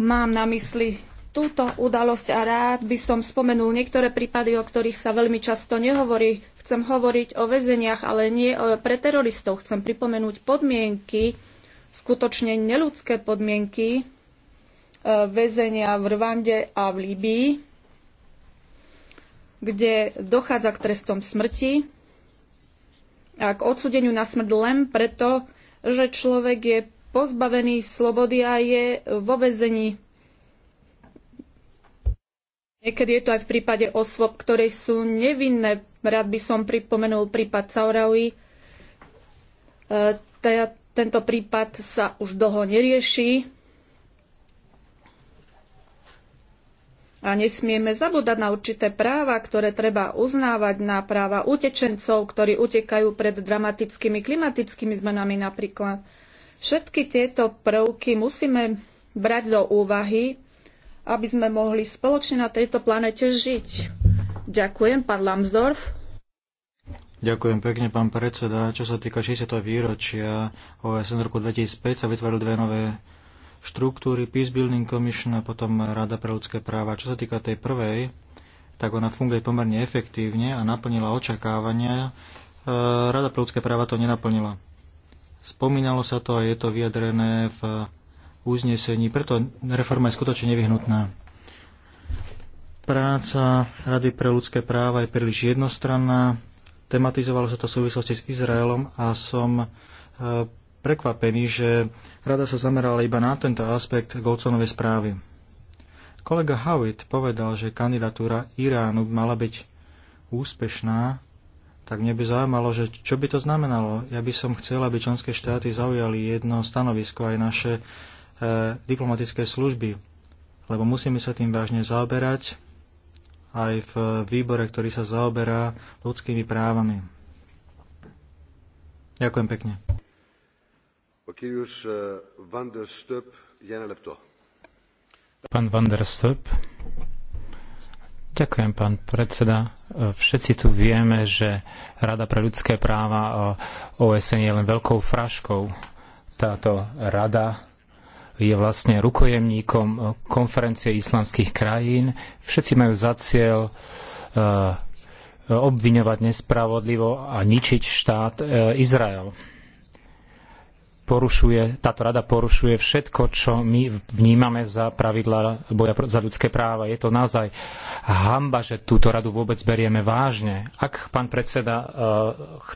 Mám na mysli túto udalosť a rád by som spomenul niektoré prípady, o ktorých sa veľmi často nehovorí. Chcem hovoriť o väzeniach, ale nie pre teroristov. Chcem pripomenúť podmienky, skutočne neludské podmienky e, väzenia v Rwande a v Líbii, kde dochádza k trestom smrti a k odsudeniu na smrť len preto, že človek je pozbavený slobody a je vo väzení. Niekedy je to aj v prípade osôb, ktoré sú nevinné. Rád by som pripomenul prípad Sauraui. E, teda tento prípad sa už dlho nerieši. A nesmieme zabúdať na určité práva, ktoré treba uznávať na práva utečencov, ktorí utekajú pred dramatickými klimatickými zmenami napríklad. Všetky tieto prvky musíme brať do úvahy, aby sme mohli spoločne na tejto planete žiť. Ďakujem, pán Lambsdorff. Ďakujem pekne, pán predseda. Čo sa týka 60. výročia OSN roku 2005 sa vytvorili dve nové štruktúry, Peace Building Commission a potom Rada pre ľudské práva. Čo sa týka tej prvej, tak ona funguje pomerne efektívne a naplnila očakávania. E, Rada pre ľudské práva to nenaplnila. Spomínalo sa to a je to vyjadrené v uznesení, preto reforma je skutočne nevyhnutná. Práca Rady pre ľudské práva je príliš jednostranná. Tematizovalo sa to v súvislosti s Izraelom a som e, prekvapený, že rada sa zamerala iba na tento aspekt Golconovej správy. Kolega Howitt povedal, že kandidatúra Iránu mala byť úspešná tak mne by zaujímalo, že čo by to znamenalo. Ja by som chcel, aby členské štáty zaujali jedno stanovisko aj naše e, diplomatické služby, lebo musíme sa tým vážne zaoberať aj v výbore, ktorý sa zaoberá ľudskými právami. Ďakujem pekne. E, Pán van der Stöp, Ďakujem, pán predseda. E, všetci tu vieme, že Rada pre ľudské práva OSN je len veľkou fraškou. Táto rada je vlastne rukojemníkom konferencie islamských krajín. Všetci majú za cieľ e, obviňovať nespravodlivo a ničiť štát e, Izrael porušuje, táto rada porušuje všetko, čo my vnímame za pravidla boja za ľudské práva. Je to naozaj hamba, že túto radu vôbec berieme vážne. Ak, pán predseda, eh,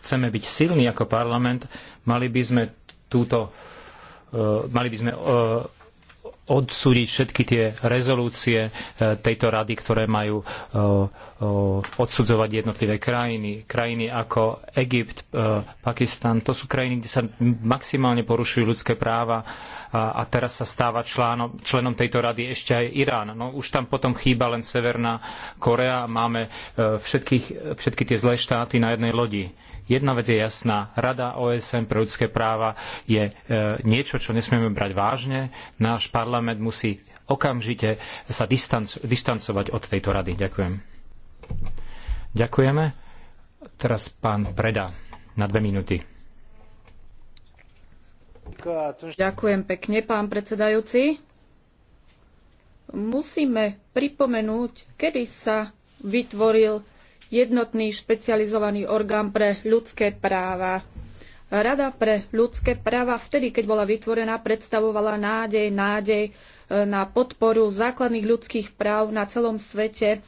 chceme byť silní ako parlament, mali by sme túto eh, mali by sme eh, odsúdiť všetky tie rezolúcie e, tejto rady, ktoré majú e, e, odsudzovať jednotlivé krajiny. Krajiny ako Egypt, Pakistan, to sú krajiny, kde sa maximálne porušujú ľudské práva a teraz sa stáva článom, členom tejto rady ešte aj Irán. No už tam potom chýba len Severná Korea, máme všetkých, všetky tie zlé štáty na jednej lodi. Jedna vec je jasná. Rada OSN pre ľudské práva je e, niečo, čo nesmieme brať vážne. Náš parlament musí okamžite sa distanco distancovať od tejto rady. Ďakujem. Ďakujeme. Teraz pán Preda na dve minúty. Ďakujem pekne, pán predsedajúci. Musíme pripomenúť, kedy sa vytvoril jednotný špecializovaný orgán pre ľudské práva. Rada pre ľudské práva vtedy, keď bola vytvorená, predstavovala nádej, nádej e, na podporu základných ľudských práv na celom svete.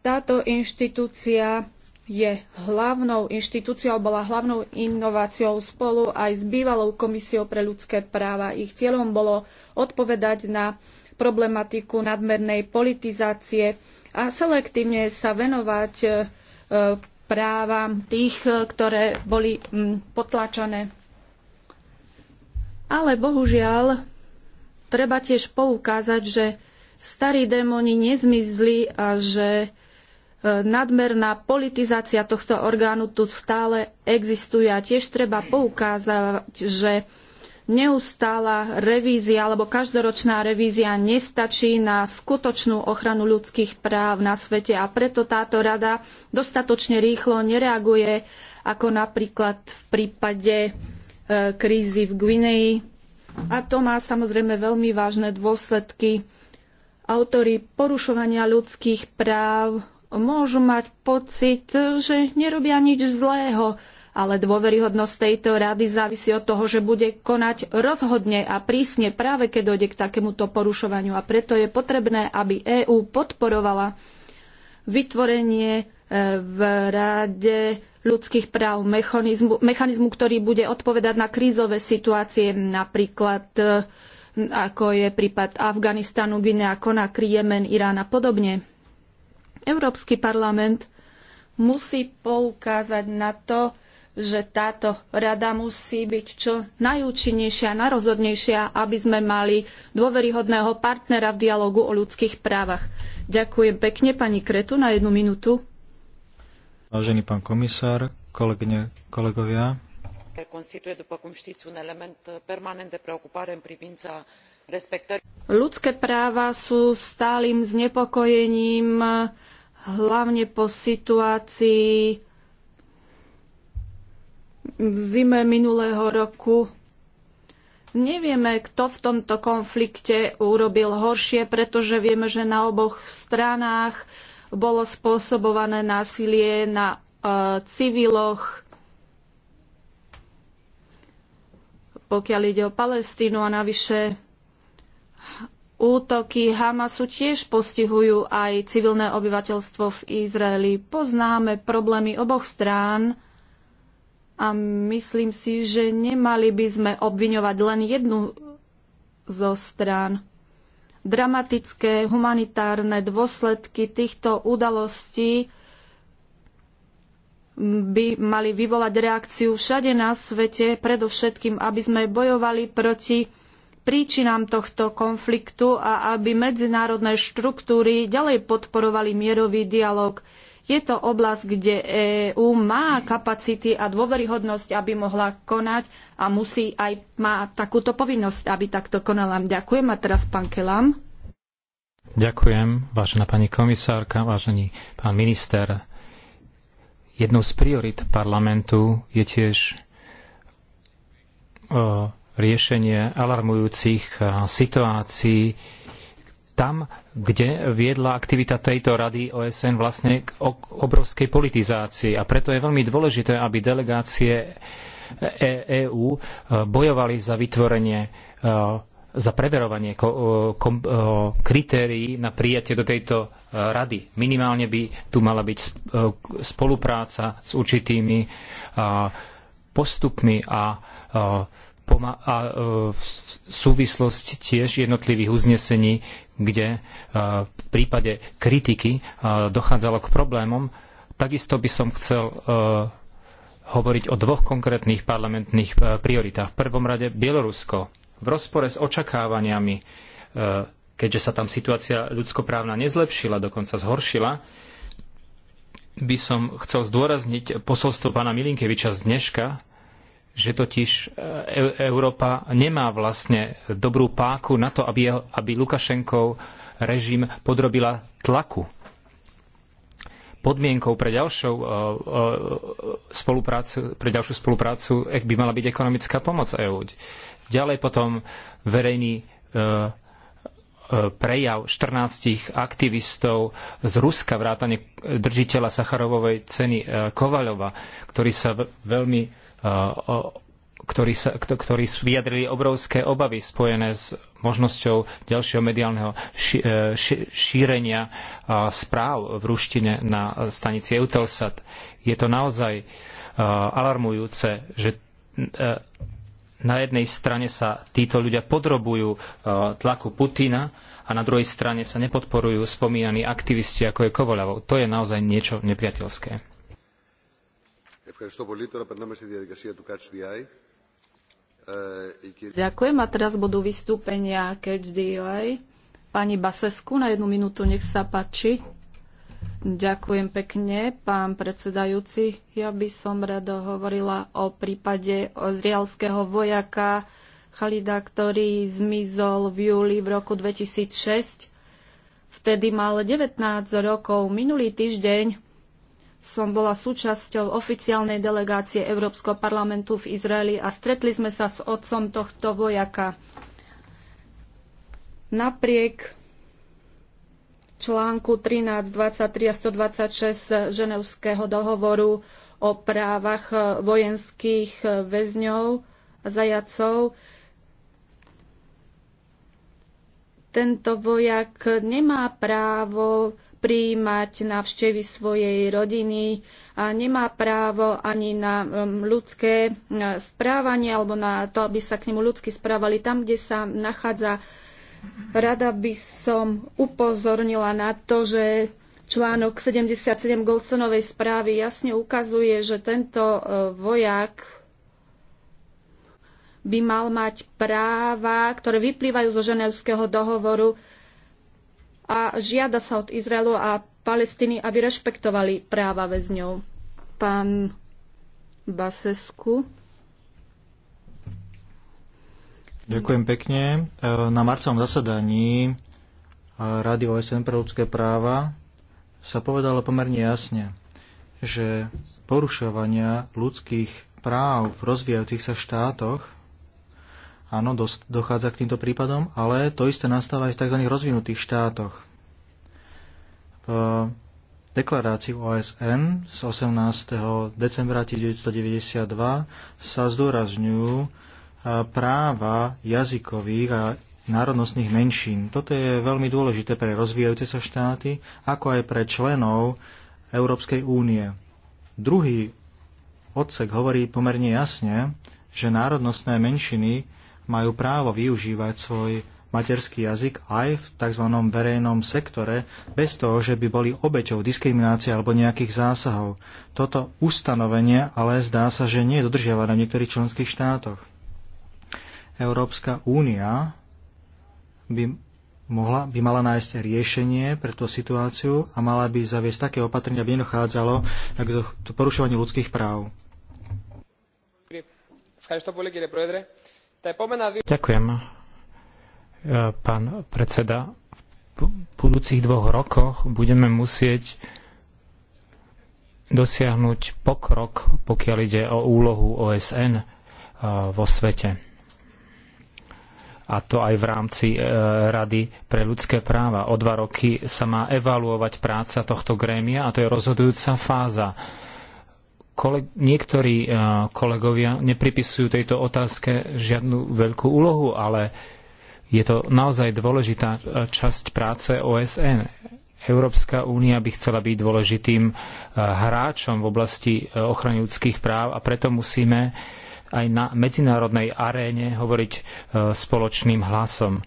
Táto inštitúcia je hlavnou inštitúciou, bola hlavnou inováciou spolu aj s bývalou komisiou pre ľudské práva. Ich cieľom bolo odpovedať na problematiku nadmernej politizácie a selektívne sa venovať e, právam tých, e, ktoré boli mm, potlačené. Ale bohužiaľ, treba tiež poukázať, že starí démoni nezmizli a že e, nadmerná politizácia tohto orgánu tu stále existuje. A tiež treba poukázať, že neustála revízia alebo každoročná revízia nestačí na skutočnú ochranu ľudských práv na svete a preto táto rada dostatočne rýchlo nereaguje, ako napríklad v prípade e, krízy v Gvineji. A to má samozrejme veľmi vážne dôsledky. Autori porušovania ľudských práv môžu mať pocit, že nerobia nič zlého, ale dôveryhodnosť tejto rady závisí od toho, že bude konať rozhodne a prísne práve keď dojde k takémuto porušovaniu. A preto je potrebné, aby EÚ podporovala vytvorenie e, v Rade ľudských práv mechanizmu, mechanizmu, ktorý bude odpovedať na krízové situácie, napríklad e, ako je prípad Afganistanu, Guinea, Konakry, Jemen, Irán a podobne. Európsky parlament musí poukázať na to, že táto rada musí byť čo najúčinnejšia, najrozhodnejšia, aby sme mali dôveryhodného partnera v dialogu o ľudských právach. Ďakujem pekne pani Kretu na jednu minútu. Vážený pán komisár, kolegyne, kolegovia. după cum știți, un element permanent de preocupare în privința respectării. Ľudské práva sú stálym znepokojením, hlavne po situácii v zime minulého roku Nevieme, kto v tomto konflikte urobil horšie, pretože vieme, že na oboch stranách bolo spôsobované násilie na e, civiloch. Pokiaľ ide o Palestínu a navyše útoky Hamasu tiež postihujú aj civilné obyvateľstvo v Izraeli. Poznáme problémy oboch strán a myslím si, že nemali by sme obviňovať len jednu zo strán. Dramatické humanitárne dôsledky týchto udalostí by mali vyvolať reakciu všade na svete, predovšetkým, aby sme bojovali proti príčinám tohto konfliktu a aby medzinárodné štruktúry ďalej podporovali mierový dialog. Je to oblasť, kde EÚ má kapacity a dôveryhodnosť, aby mohla konať a musí aj má takúto povinnosť, aby takto konala. Ďakujem a teraz pán Kelam. Ďakujem, vážená pani komisárka, vážený pán minister. Jednou z priorit parlamentu je tiež e, riešenie alarmujúcich e, situácií, tam, kde viedla aktivita tejto rady OSN vlastne k obrovskej politizácii. A preto je veľmi dôležité, aby delegácie EÚ e e, bojovali za vytvorenie e, za preverovanie kritérií na prijatie do tejto rady. Minimálne by tu mala byť spolupráca s určitými postupmi a, a v súvislosti tiež jednotlivých uznesení, kde e, v prípade kritiky e, dochádzalo k problémom. Takisto by som chcel e, hovoriť o dvoch konkrétnych parlamentných prioritách. V prvom rade Bielorusko. V rozpore s očakávaniami, keďže sa tam situácia ľudskoprávna nezlepšila, dokonca zhoršila, by som chcel zdôrazniť posolstvo pána Milinkeviča z dneška, že totiž e, e, Európa nemá vlastne dobrú páku na to, aby, jeho, aby Lukašenkov režim podrobila tlaku. Podmienkou pre, ďalšou, e, spoluprácu, pre ďalšiu spoluprácu by mala byť ekonomická pomoc EÚ. Ďalej potom verejný prejav 14 aktivistov z Ruska, vrátane držiteľa Sacharovovej ceny Kovaľova, ktorý sa veľmi ktorí, sa, ktorí vyjadrili obrovské obavy spojené s možnosťou ďalšieho mediálneho e, šírenia správ v ruštine na stanici Eutelsat. Je to naozaj e, alarmujúce, že e, na jednej strane sa títo ľudia podrobujú tlaku Putina a na druhej strane sa nepodporujú spomínaní aktivisti, ako je Kovoľavov. To je naozaj niečo nepriateľské. Ďakujem a teraz budú vystúpenia Catch Pani Basesku na jednu minútu, nech sa páči. Ďakujem pekne, pán predsedajúci. Ja by som rado hovorila o prípade ozrialského vojaka Chalida, ktorý zmizol v júli v roku 2006. Vtedy mal 19 rokov. Minulý týždeň som bola súčasťou oficiálnej delegácie Európskeho parlamentu v Izraeli a stretli sme sa s otcom tohto vojaka. Napriek článku 13, 23 a 126 Ženevského dohovoru o právach vojenských väzňov a zajacov, tento vojak nemá právo prijímať návštevy svojej rodiny a nemá právo ani na um, ľudské um, správanie alebo na to, aby sa k nemu ľudsky správali tam, kde sa nachádza. Rada by som upozornila na to, že článok 77 Golsonovej správy jasne ukazuje, že tento uh, vojak by mal mať práva, ktoré vyplývajú zo ženevského dohovoru a žiada sa od Izraelu a Palestíny, aby rešpektovali práva väzňov. Pán Basesku. Ďakujem pekne. E, na marcovom zasadaní e, Rady OSN pre ľudské práva sa povedalo pomerne jasne, že porušovania ľudských práv v rozvíjajúcich sa štátoch Áno, dochádza k týmto prípadom, ale to isté nastáva aj v tzv. rozvinutých štátoch. V deklarácii OSN z 18. decembra 1992 sa zdôrazňujú e, práva jazykových a národnostných menšín. Toto je veľmi dôležité pre rozvíjajúce sa štáty, ako aj pre členov Európskej únie. Druhý odsek hovorí pomerne jasne, že národnostné menšiny majú právo využívať svoj materský jazyk aj v tzv. verejnom sektore, bez toho, že by boli obeťou diskriminácie alebo nejakých zásahov. Toto ustanovenie ale zdá sa, že nie je dodržiavané v niektorých členských štátoch. Európska únia by, mohla, by mala nájsť riešenie pre tú situáciu a mala by zaviesť také opatrenia, aby nedochádzalo k porušovaniu ľudských práv. Ďakujem, Ďakujem, e, pán predseda. V budúcich dvoch rokoch budeme musieť dosiahnuť pokrok, pokiaľ ide o úlohu OSN e, vo svete. A to aj v rámci e, Rady pre ľudské práva. O dva roky sa má evaluovať práca tohto grémia a to je rozhodujúca fáza Kole- niektorí eh, kolegovia nepripisujú tejto otázke žiadnu veľkú úlohu, ale je to naozaj dôležitá eh, časť práce OSN. Európska únia by chcela byť dôležitým eh, hráčom v oblasti ochrany ľudských práv a preto musíme aj na medzinárodnej aréne hovoriť spoločným hlasom.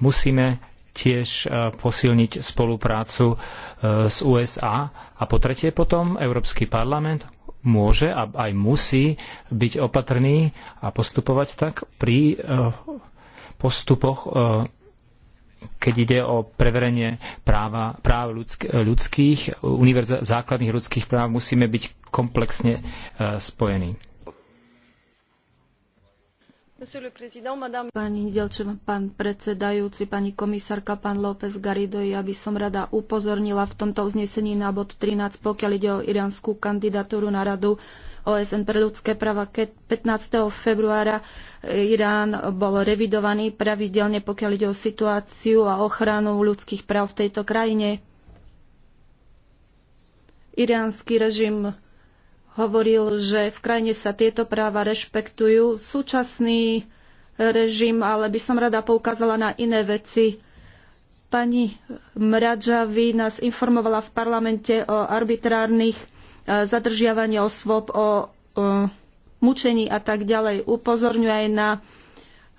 Musíme tiež posilniť spoluprácu s USA a po tretie potom Európsky parlament môže a aj musí byť opatrný a postupovať tak pri eh, postupoch, eh, keď ide o preverenie práva, práv ľudských, univerz- základných ľudských práv, musíme byť komplexne eh, spojení. Pani Delčeva, pán predsedajúci, pani komisárka, pán López Garido, ja by som rada upozornila v tomto uznesení na bod 13, pokiaľ ide o iránsku kandidatúru na radu OSN pre ľudské práva. Keď 15. februára eh, Irán bol revidovaný pravidelne, pokiaľ ide o situáciu a ochranu ľudských práv v tejto krajine. Iránsky režim hovoril, že v krajine sa tieto práva rešpektujú. Súčasný režim, ale by som rada poukázala na iné veci. Pani Mradžavi nás informovala v parlamente o arbitrárnych e, zadržiavaní osôb, o, o e, mučení a tak ďalej. Upozorňuje aj na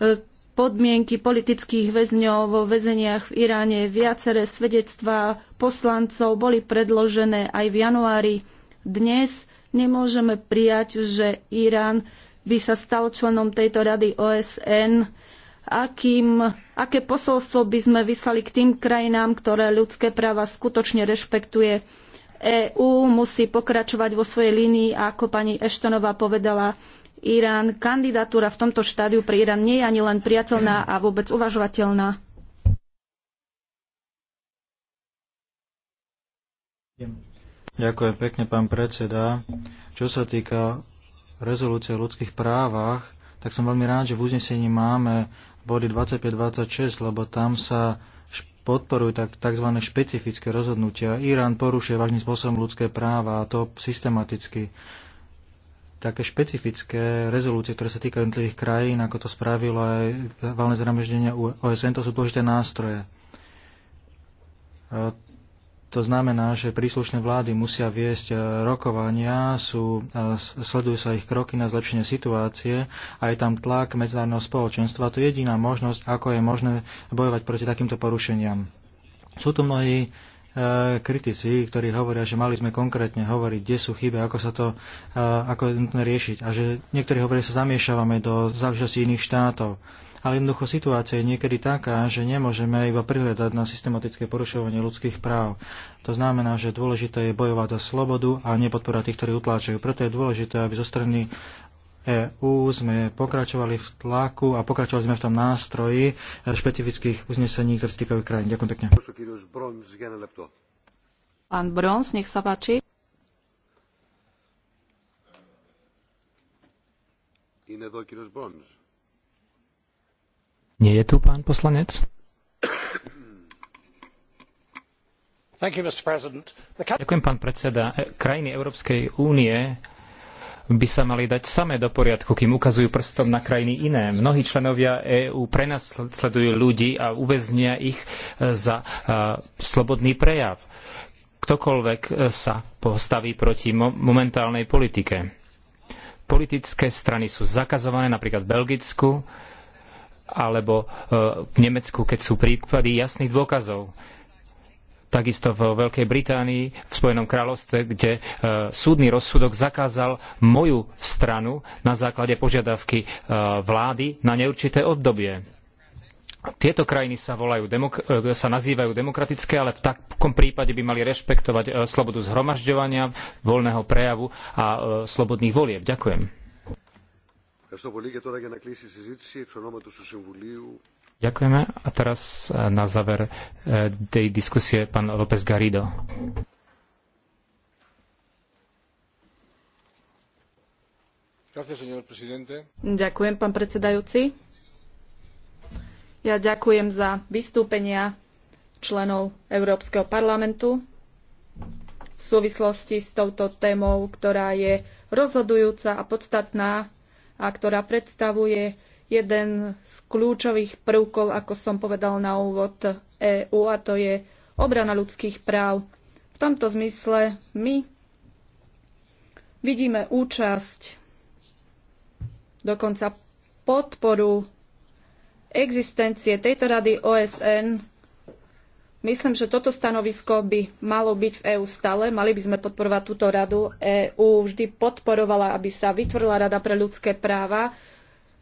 e, podmienky politických väzňov vo väzeniach v Iráne. Viaceré svedectvá poslancov boli predložené aj v januári dnes Nemôžeme prijať, že Irán by sa stal členom tejto rady OSN. Akým, aké posolstvo by sme vyslali k tým krajinám, ktoré ľudské práva skutočne rešpektuje? EÚ musí pokračovať vo svojej línii a ako pani Eštonová povedala, Irán, kandidatúra v tomto štádiu pre Irán nie je ani len priateľná a vôbec uvažovateľná. Ďakujem. Ďakujem pekne, pán predseda. Čo sa týka rezolúcie o ľudských právach, tak som veľmi rád, že v uznesení máme body 25-26, lebo tam sa podporujú tak, tzv. špecifické rozhodnutia. Irán porušuje vážnym spôsobom ľudské práva a to systematicky. Také špecifické rezolúcie, ktoré sa týkajú jednotlivých krajín, ako to spravilo aj valné zhromaždenie OSN, to sú dôležité nástroje. To znamená, že príslušné vlády musia viesť e, rokovania, sú, e, sledujú sa ich kroky na zlepšenie situácie a je tam tlak medzinárodného spoločenstva. To je jediná možnosť, ako je možné bojovať proti takýmto porušeniam. Sú tu mnohí e, kritici, ktorí hovoria, že mali sme konkrétne hovoriť, kde sú chyby, ako sa to, ako je nutné riešiť. A že niektorí hovoria, že sa zamiešavame do záležitosti iných štátov ale jednoducho situácia je niekedy taká, že nemôžeme iba prihľadať na systematické porušovanie ľudských práv. To znamená, že dôležité je bojovať za slobodu a nepodporať tých, ktorí utláčajú. Preto je dôležité, aby zo strany EÚ sme pokračovali v tlaku a pokračovali sme v tom nástroji špecifických uznesení, ktoré sa týkajú krajín. Ďakujem pekne. Pán Brons, nech sa páči. Είναι εδώ ο κύριος Μπρόνς. Nie je tu pán poslanec? Ďakujem, pán predseda. E, krajiny Európskej únie by sa mali dať samé do poriadku, kým ukazujú prstom na krajiny iné. Mnohí členovia EÚ prenasledujú ľudí a uväznia ich e, za e, slobodný prejav. Ktokoľvek sa postaví proti momentálnej politike. Politické strany sú zakazované napríklad v Belgicku, alebo e, v Nemecku, keď sú prípady jasných dôkazov. Takisto vo Veľkej Británii, v Spojenom kráľovstve, kde e, súdny rozsudok zakázal moju stranu na základe požiadavky e, vlády na neurčité obdobie. Tieto krajiny sa, volajú, sa nazývajú demokratické, ale v takom prípade by mali rešpektovať slobodu zhromažďovania, voľného prejavu a slobodných volieb. Ďakujem. Ďakujeme. A teraz na záver tej diskusie pán López Garrido. Ďakujem, pán predsedajúci. Ja ďakujem za vystúpenia členov Európskeho parlamentu v súvislosti s touto témou, ktorá je rozhodujúca a podstatná a ktorá predstavuje jeden z kľúčových prvkov, ako som povedal na úvod EÚ, a to je obrana ľudských práv. V tomto zmysle my vidíme účasť, dokonca podporu existencie tejto rady OSN Myslím, že toto stanovisko by malo byť v EÚ stále. Mali by sme podporovať túto radu. EÚ vždy podporovala, aby sa vytvorila Rada pre ľudské práva,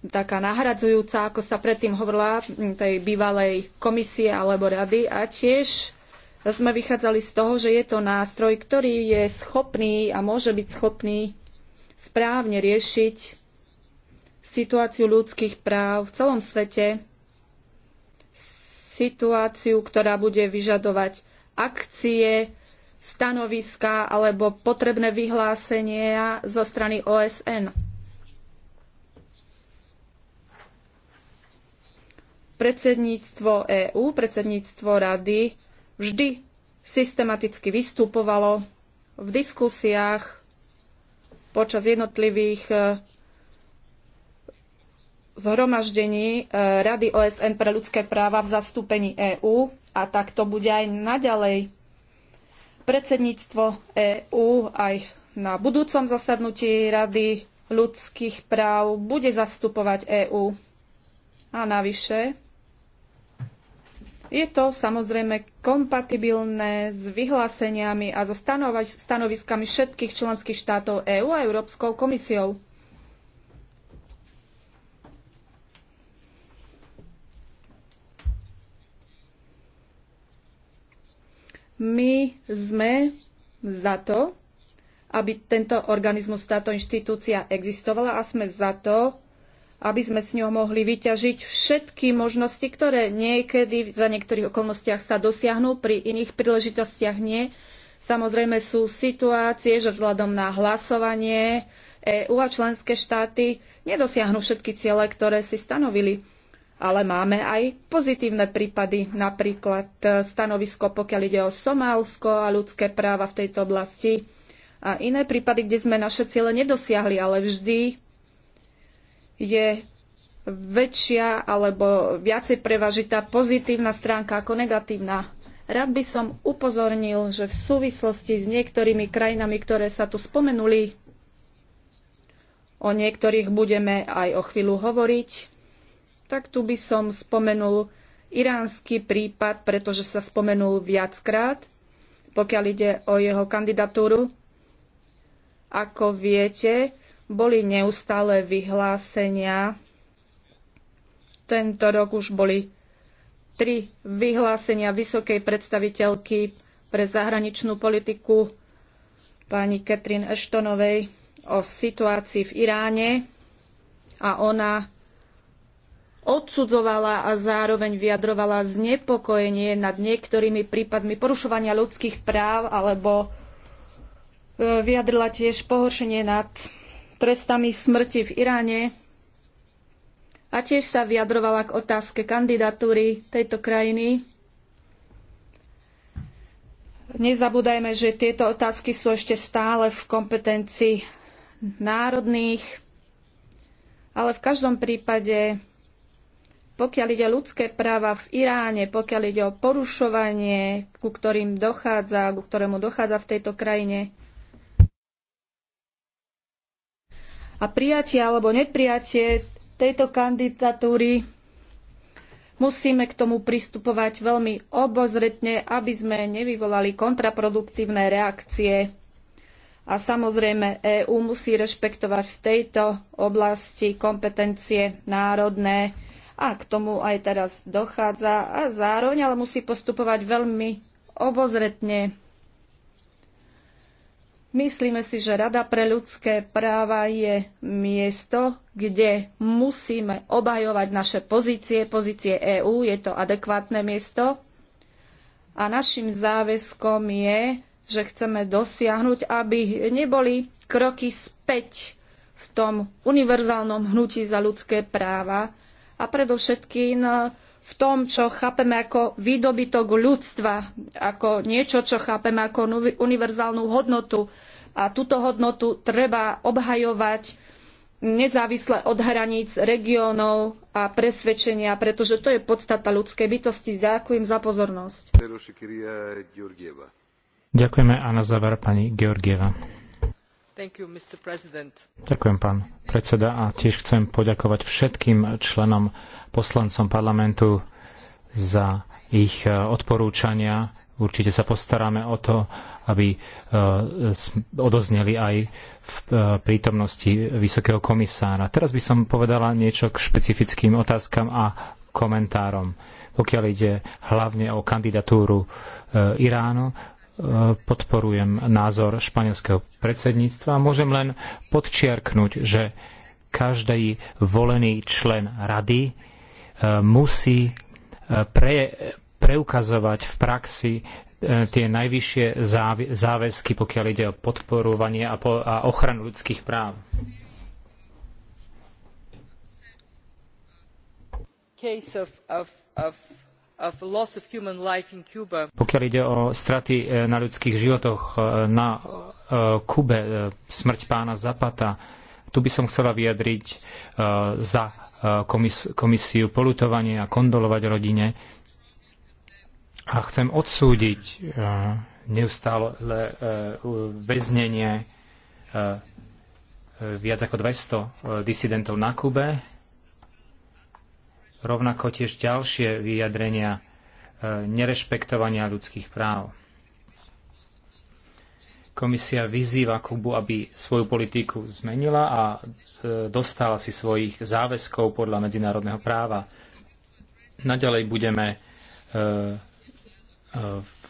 taká nahradzujúca, ako sa predtým hovorila, tej bývalej komisie alebo rady. A tiež sme vychádzali z toho, že je to nástroj, ktorý je schopný a môže byť schopný správne riešiť situáciu ľudských práv v celom svete situáciu, ktorá bude vyžadovať akcie, stanoviska alebo potrebné vyhlásenia zo strany OSN. Predsedníctvo EÚ, predsedníctvo Rady vždy systematicky vystupovalo v diskusiách počas jednotlivých zhromaždení e, Rady OSN pre ľudské práva v zastúpení EÚ a tak to bude aj naďalej. Predsedníctvo EÚ aj na budúcom zasadnutí Rady ľudských práv bude zastupovať EÚ. A navyše je to samozrejme kompatibilné s vyhláseniami a so stanoviskami všetkých členských štátov EÚ a Európskou komisiou. My sme za to, aby tento organizmus, táto inštitúcia existovala a sme za to, aby sme s ňou mohli vyťažiť všetky možnosti, ktoré niekedy za niektorých okolnostiach sa dosiahnu, pri iných príležitostiach nie. Samozrejme sú situácie, že vzhľadom na hlasovanie EÚ a členské štáty nedosiahnu všetky ciele, ktoré si stanovili ale máme aj pozitívne prípady, napríklad e, stanovisko, pokiaľ ide o Somálsko a ľudské práva v tejto oblasti a iné prípady, kde sme naše ciele nedosiahli, ale vždy je väčšia alebo viacej prevažitá pozitívna stránka ako negatívna. Rád by som upozornil, že v súvislosti s niektorými krajinami, ktoré sa tu spomenuli, o niektorých budeme aj o chvíľu hovoriť, tak tu by som spomenul iránsky prípad, pretože sa spomenul viackrát, pokiaľ ide o jeho kandidatúru. Ako viete, boli neustále vyhlásenia. Tento rok už boli tri vyhlásenia vysokej predstaviteľky pre zahraničnú politiku pani Katrin Ashtonovej, o situácii v Iráne a ona odsudzovala a zároveň vyjadrovala znepokojenie nad niektorými prípadmi porušovania ľudských práv alebo e, vyjadrila tiež pohoršenie nad trestami smrti v Iráne a tiež sa vyjadrovala k otázke kandidatúry tejto krajiny. Nezabúdajme, že tieto otázky sú ešte stále v kompetencii národných, ale v každom prípade pokiaľ ide o ľudské práva v Iráne, pokiaľ ide o porušovanie, ku ktorým dochádza, ku ktorému dochádza v tejto krajine. A prijatie alebo neprijatie tejto kandidatúry musíme k tomu pristupovať veľmi obozretne, aby sme nevyvolali kontraproduktívne reakcie. A samozrejme EÚ musí rešpektovať v tejto oblasti kompetencie národné a k tomu aj teraz dochádza a zároveň ale musí postupovať veľmi obozretne. Myslíme si, že Rada pre ľudské práva je miesto, kde musíme obhajovať naše pozície, pozície EÚ, je to adekvátne miesto. A našim záväzkom je, že chceme dosiahnuť, aby neboli kroky späť v tom univerzálnom hnutí za ľudské práva, a predovšetkým e, v tom, čo chápeme ako výdobytok ľudstva, ako niečo, čo chápeme ako univerzálnu hodnotu. A túto hodnotu treba obhajovať nezávisle od hraníc regiónov a presvedčenia, pretože to je podstata ľudskej bytosti. Ďakujem za pozornosť. Ďakujeme a na záver pani Georgieva. Ďakujem, pán predseda, a tiež chcem poďakovať všetkým členom poslancom parlamentu za ich e, odporúčania. Určite sa postaráme o to, aby e, odozneli aj v e, prítomnosti vysokého komisára. Teraz by som povedala niečo k špecifickým otázkam a komentárom. Pokiaľ ide hlavne o kandidatúru Iránu, podporujem názor španielského predsedníctva. Môžem len podčiarknúť, že každý volený člen rady e, musí e, pre, preukazovať v praxi e, tie najvyššie záväzky, pokiaľ ide o podporovanie a, po, a ochranu ľudských práv. Case of, of, of pokiaľ ide o straty e, na ľudských životoch e, na e, Kube, smrť pána Zapata, tu by som chcela vyjadriť za komisiu polutovanie a kondolovať rodine. A chcem odsúdiť neustále väznenie viac ako 200 disidentov na Kube rovnako tiež ďalšie vyjadrenia e, nerešpektovania ľudských práv. Komisia vyzýva Kubu, aby svoju politiku zmenila a e, dostala si svojich záväzkov podľa medzinárodného práva. Naďalej budeme e,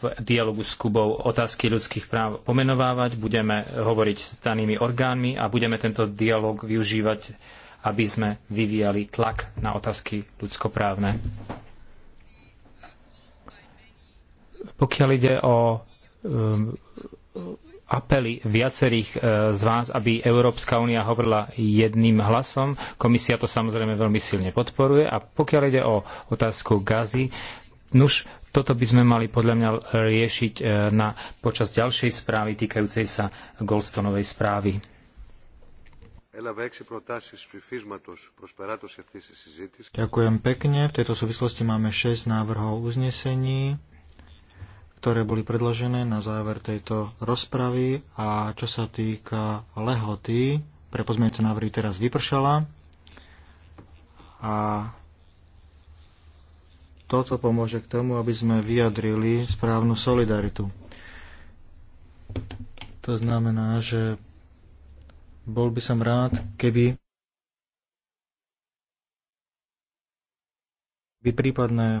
v dialogu s Kubou otázky ľudských práv pomenovávať, budeme hovoriť s danými orgánmi a budeme tento dialog využívať aby sme vyvíjali tlak na otázky ľudskoprávne. Pokiaľ ide o um, apely viacerých e, z vás, aby Európska únia hovorila jedným hlasom. Komisia to samozrejme veľmi silne podporuje. A pokiaľ ide o otázku gazy, nuž toto by sme mali podľa mňa riešiť e, na, počas ďalšej správy týkajúcej sa Goldstonovej správy. Ďakujem pekne. V tejto súvislosti máme 6 návrhov uznesení, ktoré boli predložené na záver tejto rozpravy a čo sa týka lehoty, pre pozmeňujúce návrhy teraz vypršala a toto pomôže k tomu, aby sme vyjadrili správnu solidaritu. To znamená, že bol by som rád, keby by prípadné e,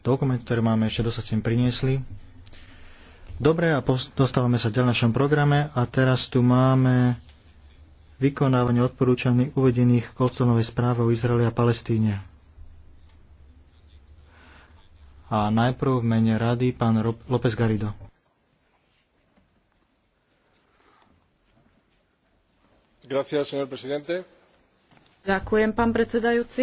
dokumenty, ktoré máme ešte dosť sem priniesli. Dobre, a dostávame sa ďalej našom programe a teraz tu máme vykonávanie odporúčaní uvedených Kolstonovej správe o Izraeli a Palestíne. A najprv v mene rady pán López Garido. Gracias, señor presidente. Ďakujem, pán predsedajúci.